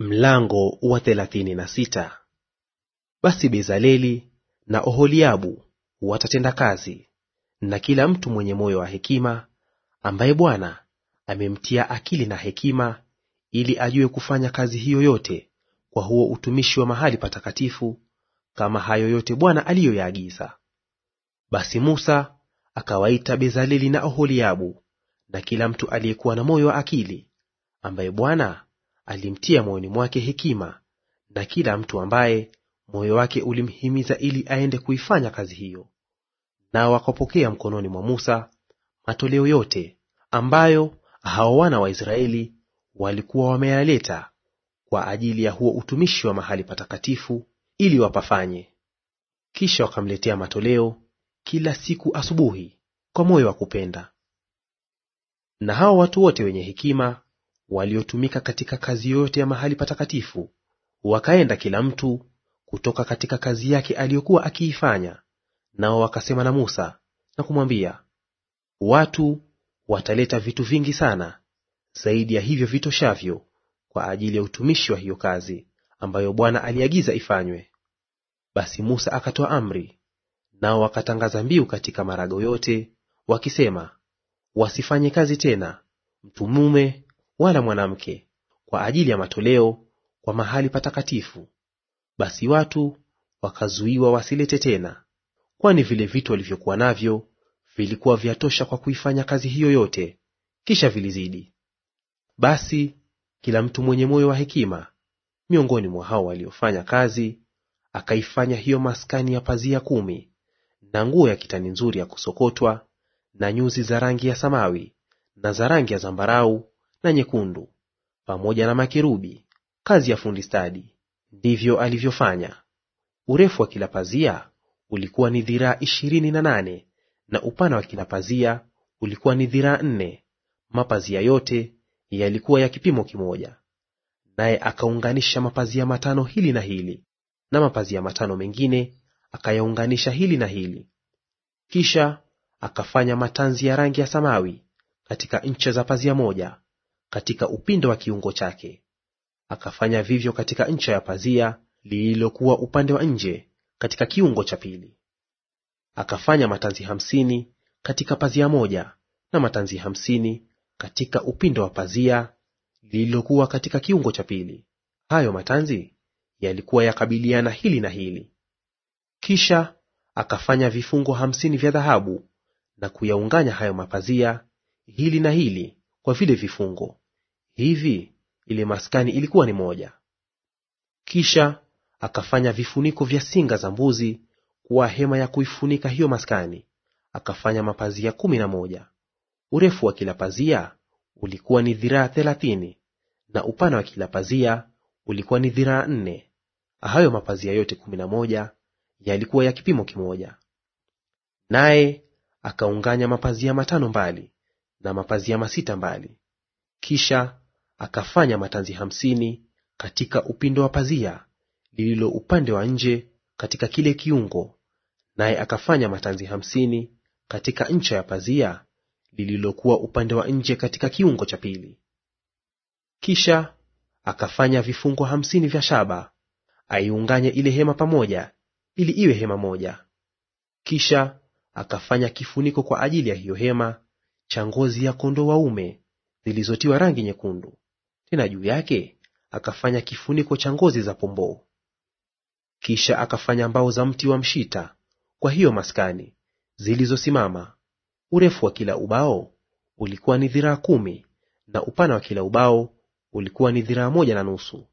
Mlango wa thelathini na sita. Basi Bezaleli na Oholiabu watatenda kazi, na kila mtu mwenye moyo wa hekima, ambaye Bwana amemtia akili na hekima, ili ajue kufanya kazi hiyo yote kwa huo utumishi wa mahali patakatifu, kama hayo yote Bwana aliyoyaagiza. Basi Musa akawaita Bezaleli na Oholiabu na kila mtu aliyekuwa na moyo wa akili, ambaye Bwana alimtia moyoni mwake hekima, na kila mtu ambaye moyo wake ulimhimiza ili aende kuifanya kazi hiyo. Nao wakapokea mkononi mwa Musa matoleo yote ambayo hao wana wa Israeli walikuwa wameyaleta kwa ajili ya huo utumishi wa mahali patakatifu ili wapafanye. Kisha wakamletea matoleo kila siku asubuhi kwa moyo wa kupenda. Na hao watu wote wenye hekima waliotumika katika kazi yote ya mahali patakatifu wakaenda kila mtu kutoka katika kazi yake aliyokuwa akiifanya. Nao wakasema na Musa na kumwambia, watu wataleta vitu vingi sana zaidi ya hivyo vitoshavyo kwa ajili ya utumishi wa hiyo kazi ambayo Bwana aliagiza ifanywe. Basi Musa akatoa amri, nao wakatangaza mbiu katika marago yote wakisema, wasifanye kazi tena mtu mume wala mwanamke kwa ajili ya matoleo kwa mahali patakatifu. Basi watu wakazuiwa wasilete tena, kwani vile vitu walivyokuwa navyo vilikuwa vyatosha kwa kuifanya kazi hiyo yote, kisha vilizidi. Basi kila mtu mwenye moyo wa hekima miongoni mwa hao waliofanya kazi akaifanya hiyo maskani ya pazia kumi na nguo ya kitani nzuri ya kusokotwa na nyuzi za rangi ya samawi na za rangi ya zambarau na nyekundu, pamoja na makerubi, kazi ya fundi stadi. Ndivyo alivyofanya. Urefu wa kila pazia ulikuwa ni dhiraa ishirini na nane na upana wa kila pazia ulikuwa ni dhiraa nne. Mapazia yote yalikuwa ya kipimo kimoja. Naye akaunganisha mapazia matano hili na hili, na mapazia matano mengine akayaunganisha hili na hili. Kisha akafanya matanzi ya rangi ya samawi katika ncha za pazia moja katika upindo wa kiungo chake. Akafanya vivyo katika ncha ya pazia lililokuwa upande wa nje katika kiungo cha pili. Akafanya matanzi hamsini katika pazia moja na matanzi hamsini katika upindo wa pazia lililokuwa katika kiungo cha pili. Hayo matanzi yalikuwa yakabiliana hili na hili. Kisha akafanya vifungo hamsini vya dhahabu na kuyaunganya hayo mapazia hili na hili kwa vile vifungo hivi. Ile maskani ilikuwa ni moja. Kisha akafanya vifuniko vya singa za mbuzi kuwa hema ya kuifunika hiyo maskani. Akafanya mapazia kumi na moja. Urefu wa kila pazia ulikuwa ni dhiraa thelathini, na upana wa kila pazia ulikuwa ni dhiraa nne. Hayo mapazia yote kumi na moja yalikuwa ya kipimo kimoja. Naye akaunganya mapazia matano mbali na mapazia masita mbali. Kisha akafanya matanzi hamsini katika upindo wa pazia lililo upande wa nje katika kile kiungo, naye akafanya matanzi hamsini katika ncha ya pazia lililokuwa upande wa nje katika kiungo cha pili. Kisha akafanya vifungo hamsini vya shaba, aiunganye ile hema pamoja, ili iwe hema moja. Kisha akafanya kifuniko kwa ajili ya hiyo hema cha ngozi ya kondoo waume zilizotiwa rangi nyekundu, tena juu yake akafanya kifuniko cha ngozi za pomboo. Kisha akafanya mbao za mti wa mshita kwa hiyo maskani zilizosimama. Urefu wa kila ubao ulikuwa ni dhiraa kumi, na upana wa kila ubao ulikuwa ni dhiraa moja na nusu.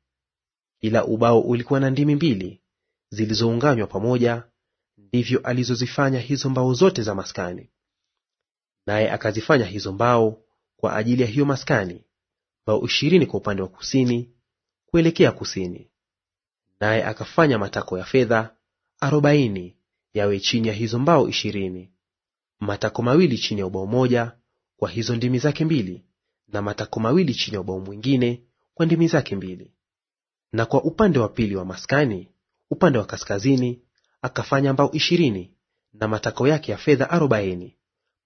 Kila ubao ulikuwa na ndimi mbili zilizounganywa pamoja. Ndivyo alizozifanya hizo mbao zote za maskani naye akazifanya hizo mbao kwa ajili ya hiyo maskani, mbao ishirini kwa upande wa kusini kuelekea kusini. Naye akafanya matako ya fedha arobaini yawe chini ya hizo mbao ishirini, matako mawili chini ya ubao moja kwa hizo ndimi zake mbili, na matako mawili chini ya ubao mwingine kwa ndimi zake mbili. Na kwa upande wa pili wa maskani, upande wa kaskazini, akafanya mbao ishirini na matako yake ya fedha arobaini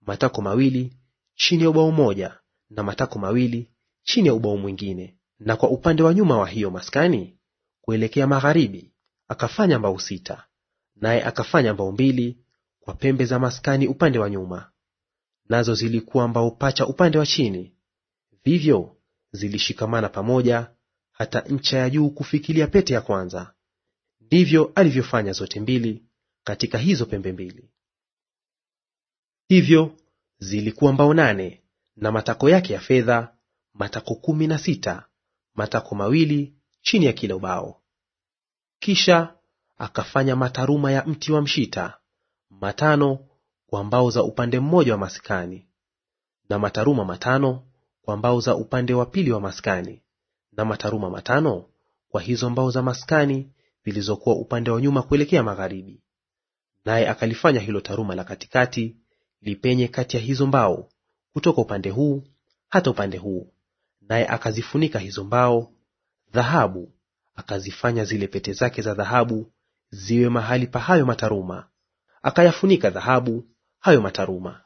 matako mawili chini ya ubao mmoja na matako mawili chini ya ubao mwingine. Na kwa upande wa nyuma wa hiyo maskani kuelekea magharibi akafanya mbao sita, naye akafanya mbao mbili kwa pembe za maskani upande wa nyuma, nazo zilikuwa mbao pacha upande wa chini; vivyo zilishikamana pamoja hata ncha ya juu kufikilia pete ya kwanza. Ndivyo alivyofanya zote mbili katika hizo pembe mbili. Hivyo zilikuwa mbao nane na matako yake ya fedha, matako kumi na sita, matako mawili chini ya kila ubao. Kisha akafanya mataruma ya mti wa mshita matano kwa mbao za upande mmoja wa maskani, na mataruma matano kwa mbao za upande wa pili wa maskani, na mataruma matano kwa hizo mbao za maskani zilizokuwa upande wa nyuma kuelekea magharibi. Naye akalifanya hilo taruma la katikati lipenye kati ya hizo mbao kutoka upande huu hata upande huu. Naye akazifunika hizo mbao dhahabu, akazifanya zile pete zake za dhahabu ziwe mahali pa hayo mataruma, akayafunika dhahabu hayo mataruma.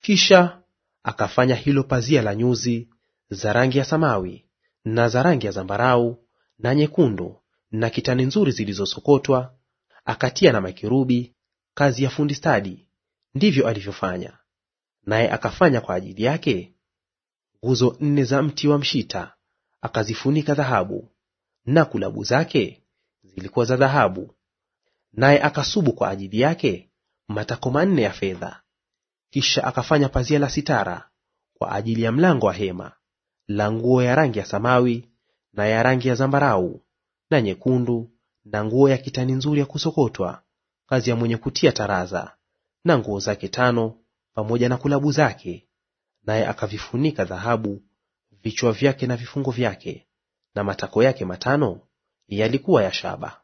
Kisha akafanya hilo pazia la nyuzi za rangi ya samawi na za rangi ya zambarau na nyekundu na kitani nzuri zilizosokotwa, akatia na makirubi kazi ya fundi stadi, Ndivyo alivyofanya naye, akafanya kwa ajili yake nguzo nne za mti wa mshita, akazifunika dhahabu, na kulabu zake zilikuwa za dhahabu. Naye akasubu kwa ajili yake matako manne ya fedha. Kisha akafanya pazia la sitara kwa ajili ya mlango wa hema la nguo ya rangi ya samawi na ya rangi ya zambarau na nyekundu na nguo ya kitani nzuri ya kusokotwa, kazi ya mwenye kutia taraza na nguo zake tano pamoja na kulabu zake, naye akavifunika dhahabu vichwa vyake na vifungo vyake, na matako yake matano yalikuwa ya shaba.